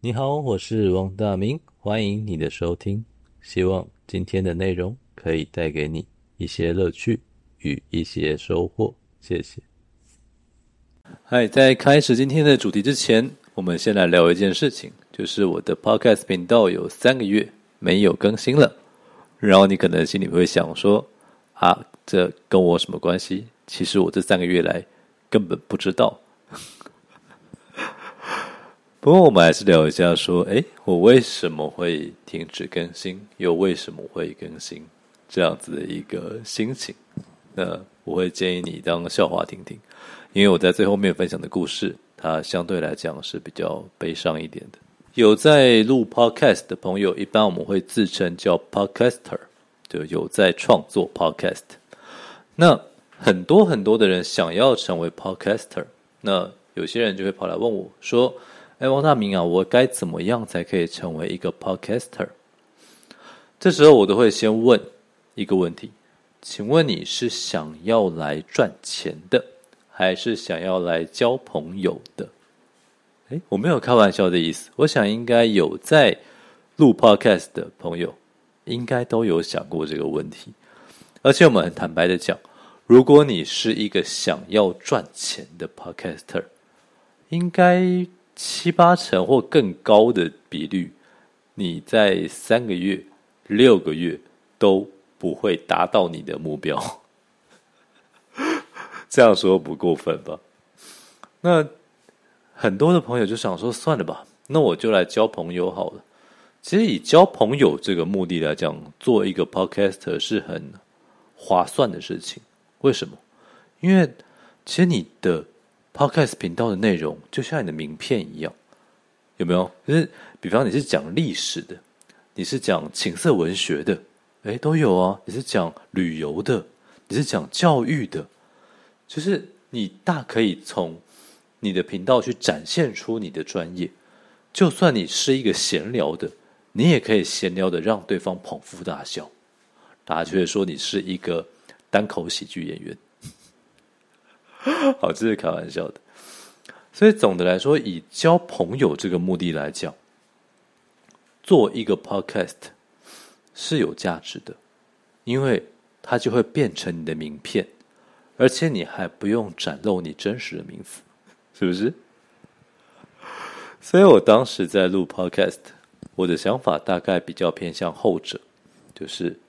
你好，我是王大明，歡迎你的收聽。希望今天的內容可以帶給你一些樂趣與一些收穫。謝謝。嗨，在開始今天的主題之前，我們先來聊一件事情，就是我的 Podcast 頻道有三個月沒有更新了。然後你可能心裡面會想說，啊。這跟我什麼關係？其實我這三個月來根本不知道。 不過我們還是聊一下說，說哎，我為什麼會停止更新，又為什麼會更新這樣子的一個心情？那我會建議你當個笑話聽聽，因為我在最後面分享的故事，它相對來講是比較悲傷一點的。有在錄 podcast 的朋友，一般我們會自稱叫 podcaster，就有在創作 podcast。那很多很多的人想要成為 podcaster，那有些人就會跑來問我，說：“哎，王大明啊，我該怎麼樣才可以成為一個 podcaster？” 這時候我都會先問一個問題：“請問你是想要來賺錢的，還是想要來交朋友的？”誒，我沒有開玩笑的意思，我想應該有在錄 podcast 的朋友，應該都有想過這個問題。而且我們很坦白的講，如果你是一個想要賺錢的 podcaster，應該七八成或更高的比率，你在三個月、六個月都不會達到你的目標。 這樣說不過分吧？那很多的朋友就想說，算了吧，那我就來交朋友好了。其實以交朋友這個目的來講，做一個 podcaster 是很划算的事情，為什麼？因為其實你的 Podcast 頻道的內容就像你的名片一樣，有沒有？就是比方你是講歷史的，你是講情色文學的，誒，都有啊。你是講旅遊的，你是講教育的，就是你大可以從你的頻道去展現出你的專業。就算你是一個閒聊的，你也可以閒聊的讓對方捧腹大笑。大家就會說你是一個單口喜劇演員， 好，這是開玩笑的。所以總的來說，以交朋友這個目的來講，做一個 podcast 是有價值的，因為它就會變成你的名片，而且你還不用展露你真實的名字，是不是？所以我當時在錄 podcast，我的想法大概比較偏向後者，就是。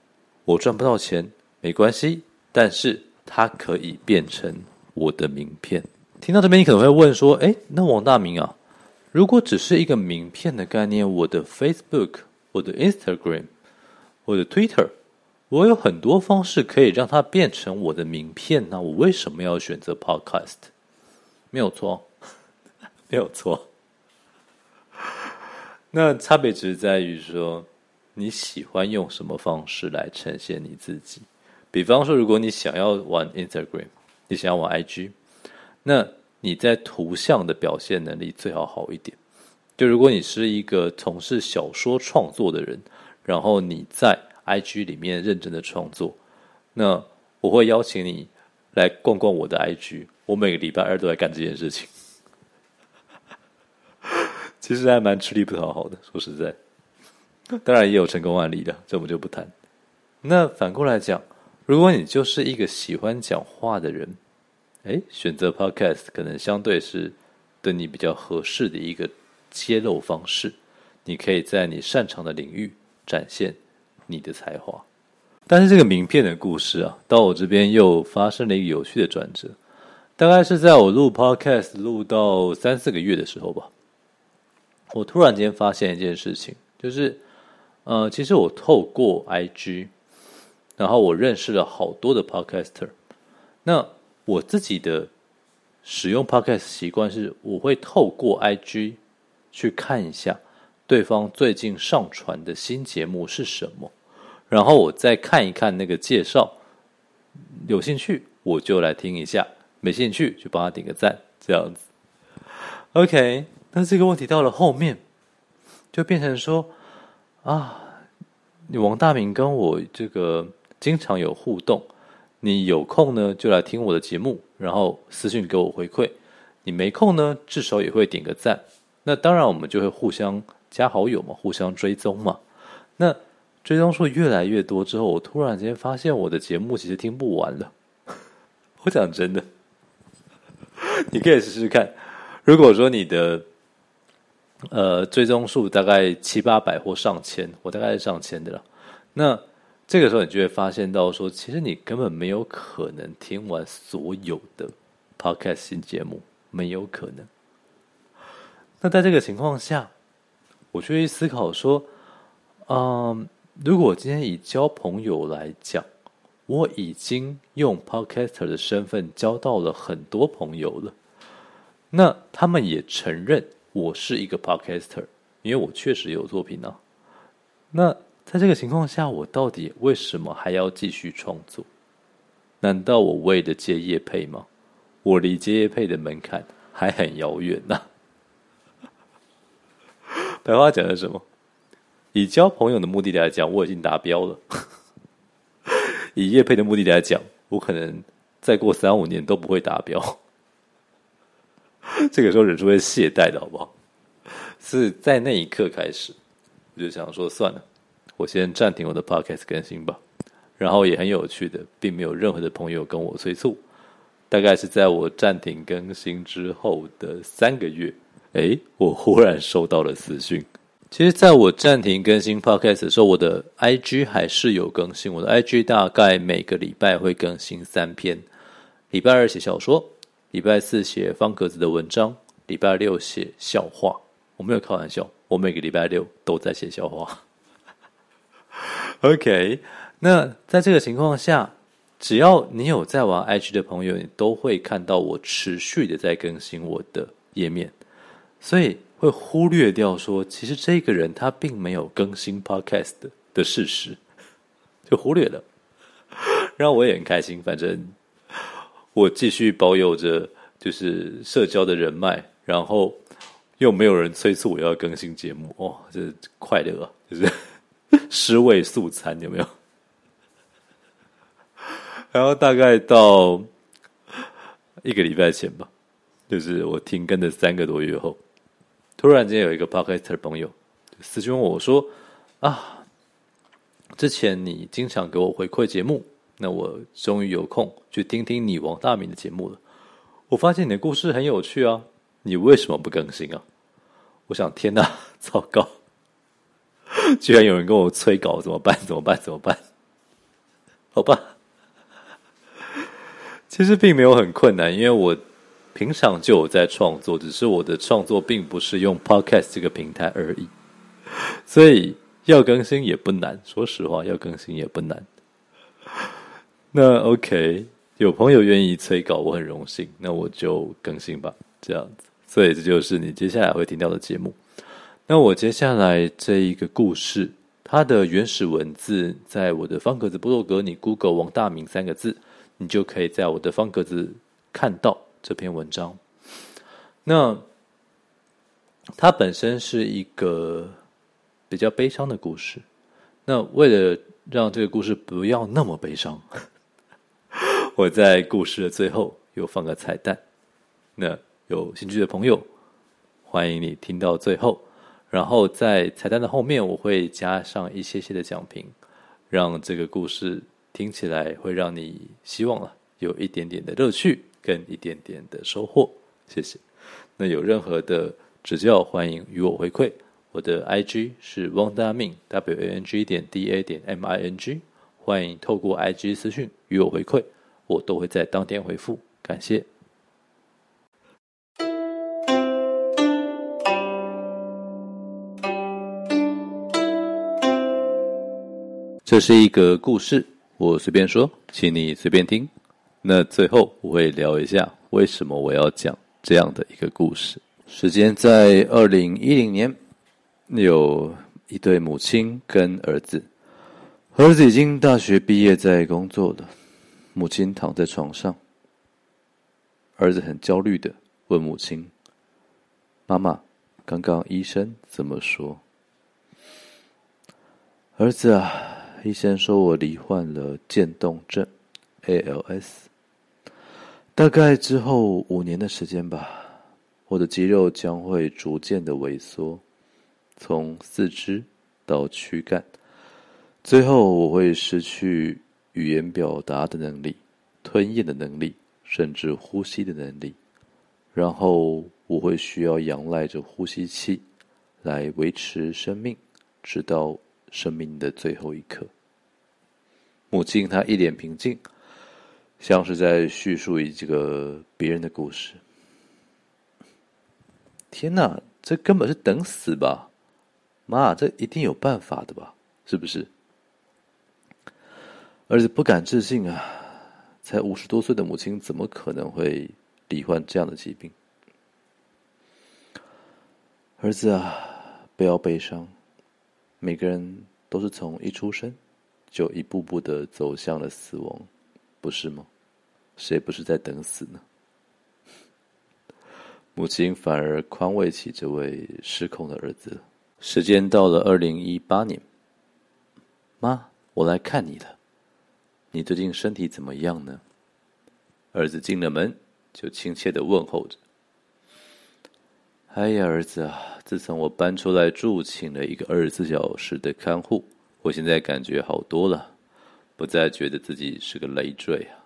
我賺不到錢沒關係，但是它可以變成我的名片。聽到這邊，你可能會問說：“誒，那王大明啊，如果只是一個名片的概念，我的 Facebook、我的 Instagram、我的 Twitter，我有很多方式可以讓它變成我的名片，那我為什麼要選擇 Podcast？” 沒有錯，沒有錯。那差別只是在於說。你喜歡用什麼方式來呈現你自己？比方說，如果你想要玩 Instagram，你想要玩 IG，那你在圖像的表現能力最好好一點。就如果你是一個從事小說創作的人，然後你在 IG 裡面認真的創作，那我會邀請你來逛逛我的 IG。我每個禮拜二都來幹這件事情，其實還蠻吃力不討好的。說實在。當然也有成功案例的，這我們就不談。那反過來講，如果你就是一個喜歡講話的人，哎，選擇 podcast 可能相對是對你比較合適的一個揭露方式。你可以在你擅長的領域展現你的才華。但是這個名片的故事啊，到我這邊又發生了一個有趣的轉折。大概是在我錄 podcast 錄到三四個月的時候吧，我突然間發現一件事情，就是。呃，其實我透過 IG，然後我認識了好多的 podcaster。那我自己的使用 podcast 習慣是，我會透過 IG 去看一下對方最近上傳的新節目是什麼，然後我再看一看那個介紹，有興趣我就來聽一下，沒興趣就幫他點個讚，這樣子。OK，那這個問題到了後面就變成說。啊，你王大明跟我這個經常有互動，你有空呢就來聽我的節目，然後私訊給我回饋；你沒空呢，至少也會點個讚。那當然，我們就會互相加好友嘛，互相追蹤嘛。那追蹤數越來越多之後，我突然間發現我的節目其實聽不完了。 我講真的， 你可以試試看。如果說你的。呃，最終數大概七八百或上千，我大概是上千的了。那這個時候你就會發現到說，其實你根本沒有可能聽完所有的 podcast 新節目，沒有可能。那在這個情況下，我就會思考說，嗯、呃，如果我今天以交朋友來講，我已經用 podcaster 的身份交到了很多朋友了，那他們也承認。我是一個 Podcaster，因為我確實有作品啊。那在這個情況下，我到底為什麼還要繼續創作？難道我為了接業配嗎？我離接業配的門檻還很遙遠呢、啊。 白話講的是什麼？以交朋友的目的來講，我已經達標了； 以業配的目的來講，我可能再過三五年都不會達標。這個時候人就會懈怠的好不好？是在那一刻開始，我就想說，算了，我先暫停我的 podcast 更新吧。然後也很有趣的，並沒有任何的朋友跟我催促。大概是在我暫停更新之後的三個月，哎，我忽然收到了私訊。其實，在我暫停更新 podcast 的時候，我的 IG 還是有更新。我的 IG 大概每個禮拜會更新三篇，禮拜二寫小說。禮拜四寫方格子的文章，禮拜六寫笑話。我沒有開玩笑，我每個禮拜六都在寫笑話。 OK，那在這個情況下，只要你有在玩 IG 的朋友，你都會看到我持續的在更新我的頁面，所以會忽略掉說，其實這個人他並沒有更新 Podcast 的事實，就忽略了。 然後我也很開心，反正。我繼續保有着就是社交的人脈，然後又沒有人催促我要更新節目，哦，這、就是、快樂啊，就是尸位素餐，有沒有？然後大概到一個禮拜前吧，就是我停更的三個多月後，突然間有一個 podcaster 朋友私訊我，我說啊，之前你經常給我回饋節目。那我終於有空去聽聽你王大明的節目了。我發現你的故事很有趣啊！你為什麼不更新啊？我想，天哪，糟糕！居然有人跟我催稿，怎麼辦？怎麼辦？怎麼辦？好吧，其實並沒有很困難，因為我平常就有在創作，只是我的創作並不是用 Podcast 這個平台而已，所以要更新也不難。說實話，要更新也不難。那 OK，有朋友願意催稿，我很榮幸。那我就更新吧，這樣子。所以這就是你接下來會聽到的節目。那我接下來這一個故事，它的原始文字在我的方格子部落格，你 Google 王大明三個字，你就可以在我的方格子看到這篇文章。那它本身是一個比較悲傷的故事。那為了讓這個故事不要那麼悲傷。我在故事的最後又放個彩蛋，那有興趣的朋友，歡迎你聽到最後。然後在彩蛋的後面，我會加上一些些的講評，讓這個故事聽起來會讓你希望了、啊，有一點點的樂趣跟一點點的收穫。謝謝。那有任何的指教，歡迎與我回饋。我的 I G 是 Wang Da Ming，W A N G 點 D A 點 M I N G，歡迎透過 I G 私訊與我回饋。我都會在當天回復，感謝。這是一個故事，我隨便說，請你隨便聽。那最後我會聊一下，為什麼我要講這樣的一個故事。時間在二零一零年，有一對母親跟兒子，兒子已經大學畢業，在工作了。母親躺在床上，兒子很焦慮的問母親：“媽媽，剛剛醫生怎麼說？”兒子啊，醫生說我罹患了漸凍症 （ALS），大概之後五年的時間吧，我的肌肉將會逐漸的萎縮，從四肢到軀幹，最後我會失去。語言表達的能力，吞嚥的能力，甚至呼吸的能力，然後我會需要仰賴着呼吸器來維持生命，直到生命的最後一刻。母親，她一臉平靜，像是在敘述一個別人的故事。天哪，這根本是等死吧？媽，這一定有辦法的吧？是不是？兒子不敢置信啊！才五十多歲的母親，怎麼可能會罹患這樣的疾病？兒子啊，不要悲傷。每個人都是從一出生就一步步的走向了死亡，不是嗎？誰不是在等死呢？母親反而寬慰起這位失控的兒子。時間到了二零一八年，媽，我來看你了。你最近身體怎麼樣呢？兒子進了門，就親切的問候着。哎呀，兒子啊，自從我搬出來住，請了一個二十四小時的看護，我現在感覺好多了，不再覺得自己是個累贅啊。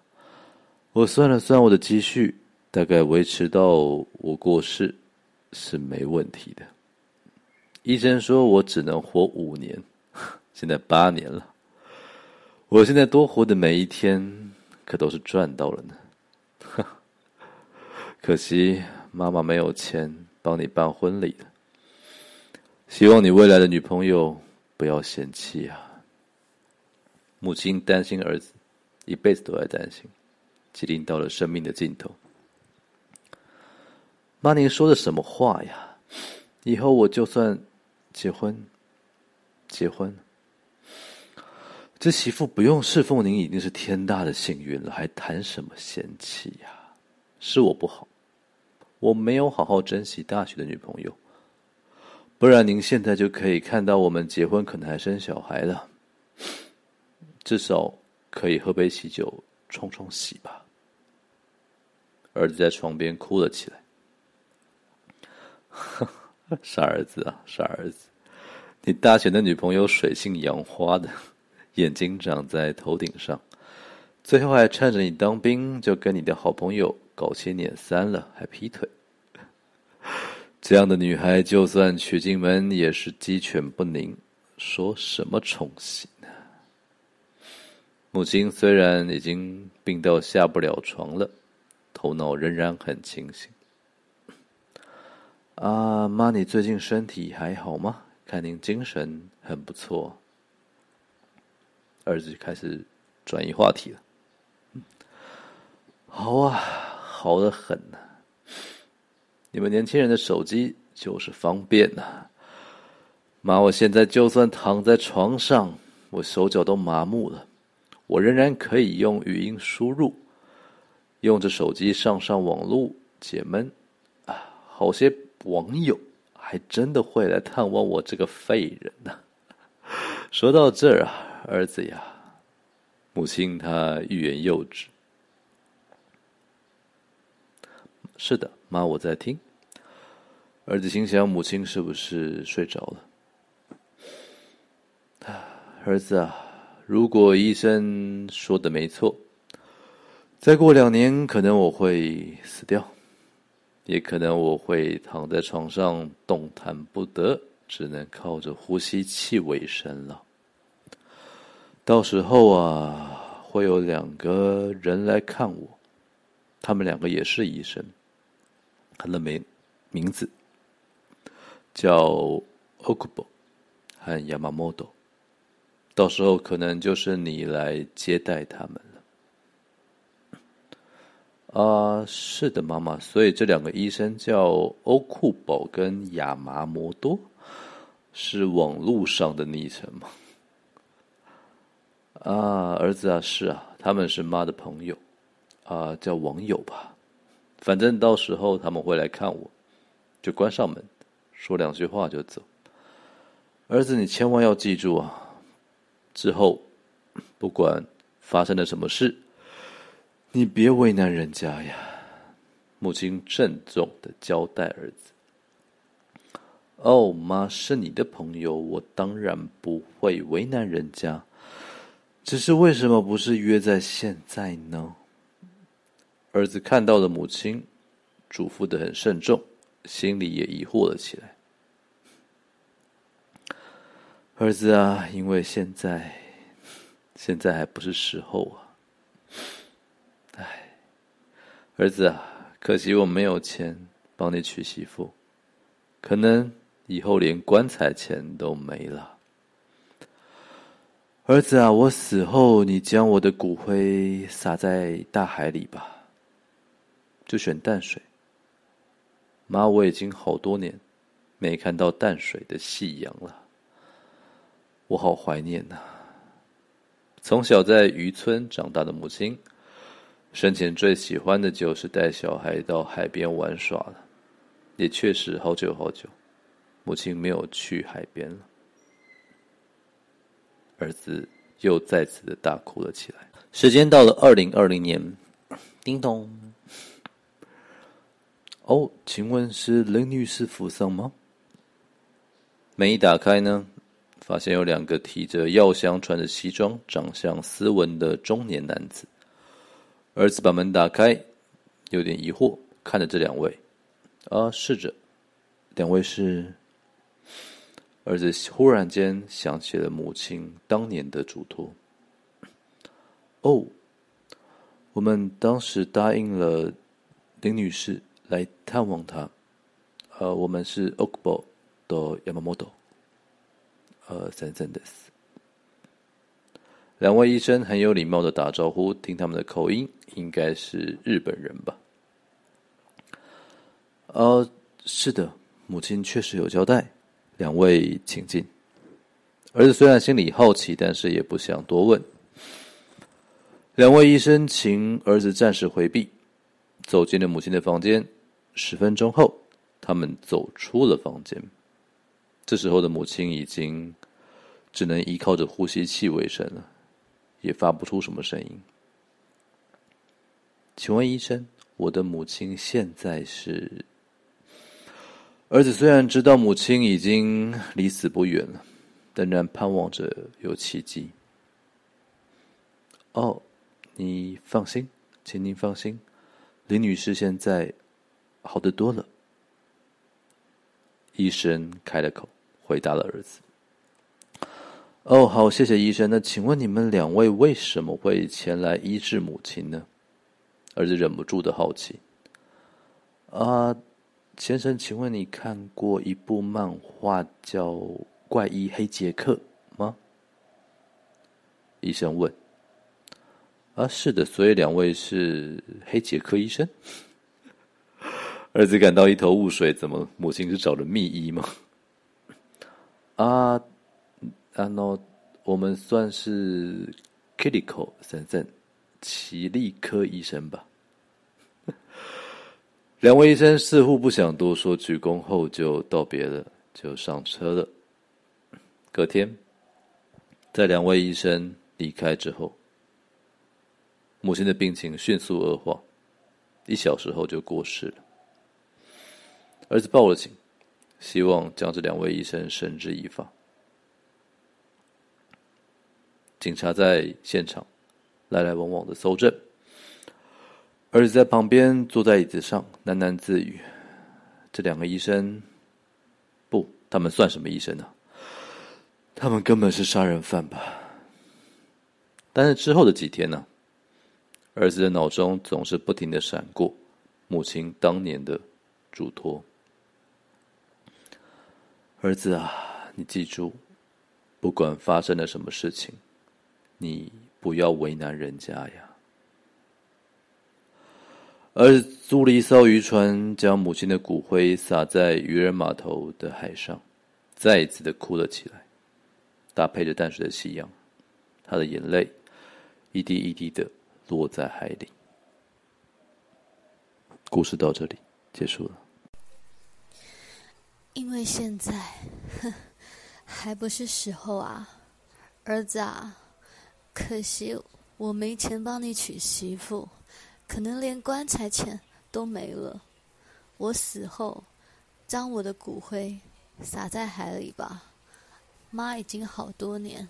我算了算我的積蓄，大概維持到我過世是沒問題的。醫生說我只能活五年，現在八年了。我現在多活的每一天，可都是賺到了呢。呵，可惜媽媽沒有錢幫你辦婚禮了。希望你未來的女朋友不要嫌棄啊。母親擔心兒子，一輩子都在擔心，吉林到了生命的盡頭。媽，您說的什麼話呀？以後我就算結婚，結婚這媳婦不用侍奉您已經是天大的幸運了，還談什麼嫌棄呀、啊？是我不好，我沒有好好珍惜大學的女朋友，不然您現在就可以看到我們結婚，可能還生小孩了，至少可以喝杯喜酒，沖沖喜吧。兒子在床邊哭了起來， 傻兒子啊，傻兒子，你大學的女朋友水性楊花的。眼睛長在頭頂上，最後還趁着你當兵就跟你的好朋友搞七捻三了，還劈腿。這樣的女孩，就算娶進門也是雞犬不寧。說什麼沖喜？母親雖然已經病到下不了床了，頭腦仍然很清醒。啊媽，你最近身體還好嗎？看您精神很不錯。兒子就開始轉移話題了。好、嗯 oh, 啊，好得很吶、啊！你們年輕人的手機就是方便吶、啊。媽，我現在就算躺在床上，我手腳都麻木了，我仍然可以用語音輸入，用着手機上上網路解悶。啊，好些網友還真的會來探望我這個廢人吶、啊。說到這兒啊。兒子呀，母親她欲言又止。是的，媽，我在聽。兒子心想：母親是不是睡着了？兒子啊，如果醫生說的沒錯，再過兩年，可能我會死掉，也可能我會躺在床上動彈不得，只能靠着呼吸器為生了。到時候啊，會有兩個人來看我，他們兩個也是醫生，看到沒？名字叫歐庫博和亞麻摩多，到時候可能就是你來接待他們了。啊，是的，媽媽。所以這兩個醫生叫歐庫寶跟亞麻摩多，是網絡上的昵稱嗎？啊，兒子啊，是啊，他們是媽的朋友，啊，叫網友吧，反正到時候他們會來看我，就關上門，說兩句話就走。兒子，你千萬要記住啊，之後不管發生了什麼事，你別為難人家呀。母親鄭重的交代兒子。哦，媽，是你的朋友，我當然不會為難人家。只是為什麼不是約在現在呢？兒子看到了母親囑咐的很慎重，心裡也疑惑了起來。兒子啊，因為現在，現在還不是時候啊。唉，兒子啊，可惜我沒有錢幫你娶媳婦，可能以後連棺材錢都沒了。兒子啊，我死後，你將我的骨灰撒在大海裡吧，就選淡水。媽，我已經好多年沒看到淡水的夕陽了，我好懷念吶、啊。從小在漁村長大的母親，生前最喜歡的就是帶小孩到海邊玩耍了，也確實好久好久，母親沒有去海邊了。兒子又再次的大哭了起來。時間到了二零二零年，叮咚，哦，請問是林女士府上嗎？門一打開呢，發現有兩個提着藥箱、穿着西裝、長相斯文的中年男子。兒子把門打開，有點疑惑看着這兩位啊，是這兩位是。兒子忽然間想起了母親當年的囑託。哦，我們當時答應了林女士來探望她。呃，我們是 Okubo 的 Yamamoto，呃，三三的。兩位醫生很有禮貌地打招呼，聽他們的口音應該是日本人吧？呃，是的，母親確實有交代。兩位請進。兒子雖然心裡好奇，但是也不想多問。兩位醫生請兒子暫時回避，走進了母親的房間。十分鐘後，他們走出了房間。這時候的母親已經只能依靠着呼吸器為生了，也發不出什麼聲音。請問醫生，我的母親現在是？兒子雖然知道母親已經離死不遠了，但仍然盼望着有奇蹟。哦，你放心，請您放心，林女士現在好得多了。醫生開了口，回答了兒子。哦，好，謝謝醫生。那請問你們兩位為什麼會前來醫治母親呢？兒子忍不住的好奇。啊。先生，請問你看過一部漫畫叫《怪醫黑傑克》嗎？醫生問。啊，是的，所以兩位是黑傑克醫生。兒子感到一頭霧水，怎麼母親是找了秘醫嗎？啊，啊，那我們算是奇立科先生，奇立科醫生吧。兩位醫生似乎不想多說，鞠躬後就道別了，就上車了。隔天，在兩位醫生離開之後，母親的病情迅速惡化，一小時後就過世了。兒子報了警，希望將這兩位醫生繩之以法。警察在現場來來往往的搜證。兒子在旁邊坐在椅子上喃喃自語：“這兩個醫生，不，他們算什麼醫生啊？他們根本是殺人犯吧？”但是之後的幾天呢，兒子的腦中總是不停的閃過母親當年的囑托：“兒子啊，你記住，不管發生了什麼事情，你不要為難人家呀。”而租了一艘漁船，將母親的骨灰撒在漁人碼頭的海上，再一次的哭了起來。搭配着淡水的夕陽，他的眼淚一滴一滴的落在海裡。故事到這裡結束了。因為現在哼，還不是時候啊，兒子啊，可惜我沒錢幫你娶媳婦。可能連棺材錢都沒了。我死後，將我的骨灰撒在海裡吧。媽，已經好多年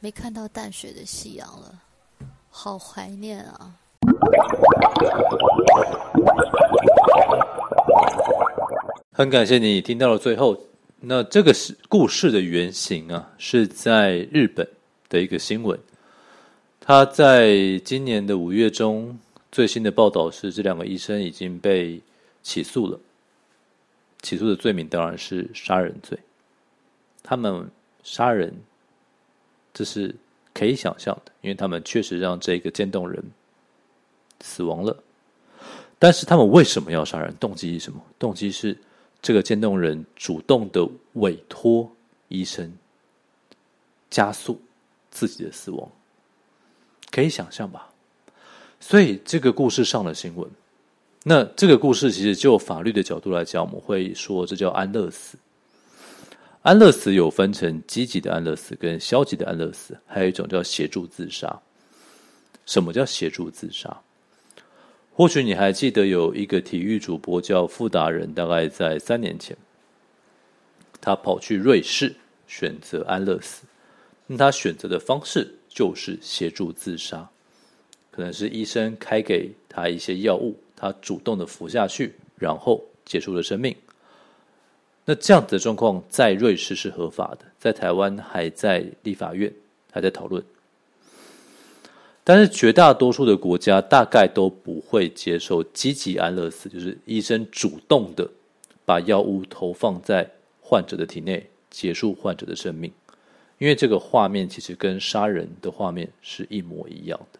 沒看到淡水的夕陽了，好懷念啊！很感謝你聽到了最後。那這個故事的原型啊，是在日本的一個新聞。他在今年的五月中。最新的報道是，這兩個醫生已經被起訴了。起訴的罪名當然是殺人罪。他們殺人，這是可以想象的，因為他們確實讓這個漸凍人死亡了。但是他們為什麼要殺人？動機是什麼？動機是這個漸凍人主動的委托醫生加速自己的死亡，可以想象吧？所以這個故事上了新聞。那這個故事其實就法律的角度來講，我們會說這叫安樂死。安樂死有分成積極的安樂死跟消極的安樂死，還有一種叫協助自殺。什麼叫協助自殺？或許你還記得有一個體育主播叫傅達仁，大概在三年前，他跑去瑞士選擇安樂死，那他選擇的方式就是協助自殺。可能是醫生開給他一些藥物，他主動的服下去，然後結束了生命。那這樣子的狀況在瑞士是合法的，在台灣還在立法院還在討論。但是絕大多數的國家大概都不會接受積極安樂死，就是醫生主動的把藥物投放在患者的體內，結束患者的生命。因為這個畫面其實跟殺人的畫面是一模一樣的。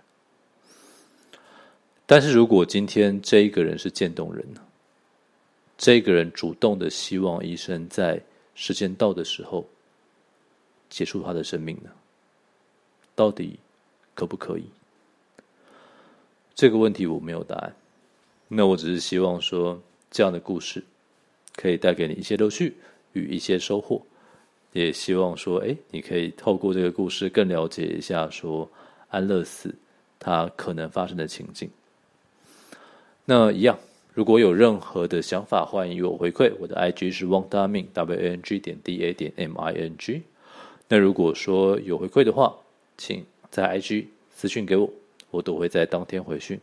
但是如果今天這一個人是漸凍人呢？這個人主動的希望醫生在時間到的時候結束他的生命呢？到底可不可以？這個問題我沒有答案。那我只是希望說，這樣的故事可以帶給你一些樂趣與一些收穫，也希望說，哎，你可以透過這個故事更了解一下說安樂死它可能發生的情境。那一樣，如果有任何的想法，歡迎與我回饋。我的 IG 是王大明，W A N G 點 D A 點 M I N G。那如果說有回饋的話，請在 IG 私信給我，我都會在當天回訊。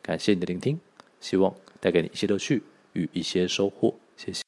感謝你的聆聽，希望帶給你一些樂趣與一些收穫。謝謝。